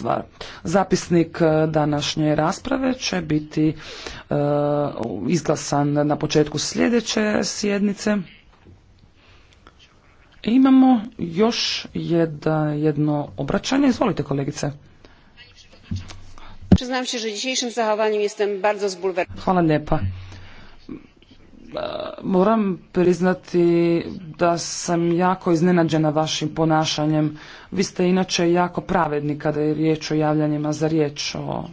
stvar. Zapisnik e, današnje rasprave će biti e, izglasan na početku sljedeće sjednice. Imamo još jedno obraćanje. Izvolite kolegice. Przyznam jestem bardzo Hvala lijepa moram priznati da sam jako iznenađena vašim ponašanjem. Vi ste inače jako pravedni kada je riječ o javljanjima za riječ o...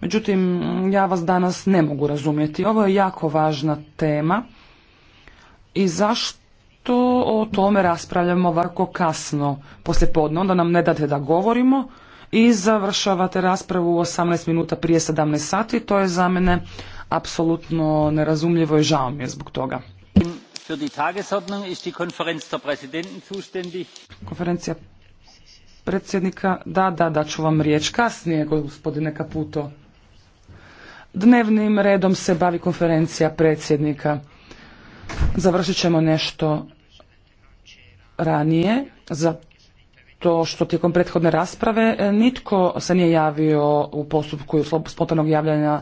Međutim, ja vas danas ne mogu razumjeti. Ovo je jako važna tema i zašto o tome raspravljamo ovako kasno podne, Onda nam ne date da govorimo i završavate raspravu 18 minuta prije 17 sati. To je za mene apsolutno nerazumljivo i žao mi je zbog toga. Konferencija predsjednika, da, da, da ću vam riječ kasnije, gospodine Kaputo. Dnevnim redom se bavi konferencija predsjednika. Završit ćemo nešto ranije, za to što tijekom prethodne rasprave e, nitko se nije javio u postupku spontanog javljanja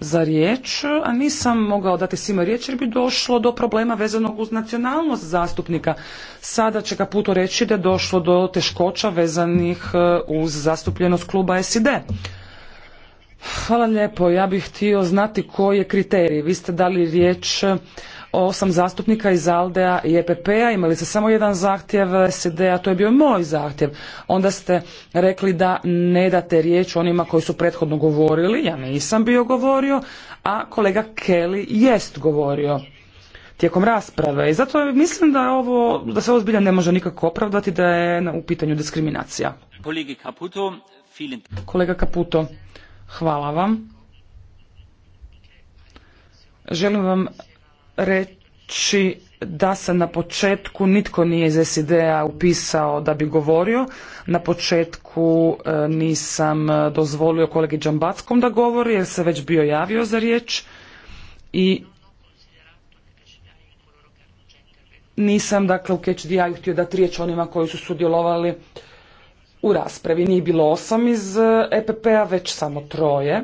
za riječ, a nisam mogao dati svima riječ jer bi došlo do problema vezanog uz nacionalnost zastupnika. Sada će puto reći da je došlo do teškoća vezanih e, uz zastupljenost kluba SID. Hvala lijepo, ja bih htio znati koji je kriterij. Vi ste dali riječ osam zastupnika iz Aldea i EPP-a, imali ste samo jedan zahtjev SED-a, to je bio moj zahtjev. Onda ste rekli da ne date riječ onima koji su prethodno govorili, ja nisam bio govorio, a kolega Kelly jest govorio tijekom rasprave i zato mislim da ovo, da se zbilja ne može nikako opravdati da je u pitanju diskriminacija. kolega Caputo, hvala vam. Želim vam reći da se na početku nitko nije iz SID-a upisao da bi govorio. Na početku e, nisam dozvolio kolegi Đambackom da govori jer se već bio javio za riječ i nisam dakle u Catch DI htio dati riječ onima koji su sudjelovali u raspravi. Nije bilo osam iz EPP-a, e već samo troje.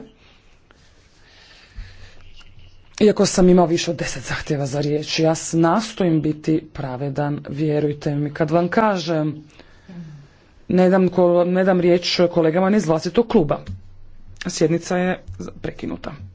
Iako sam imao više od deset zahtjeva za riječ, ja nastojim biti pravedan, vjerujte mi. Kad vam kažem, ne dam, ne dam riječ kolegama iz vlastitog kluba. Sjednica je prekinuta.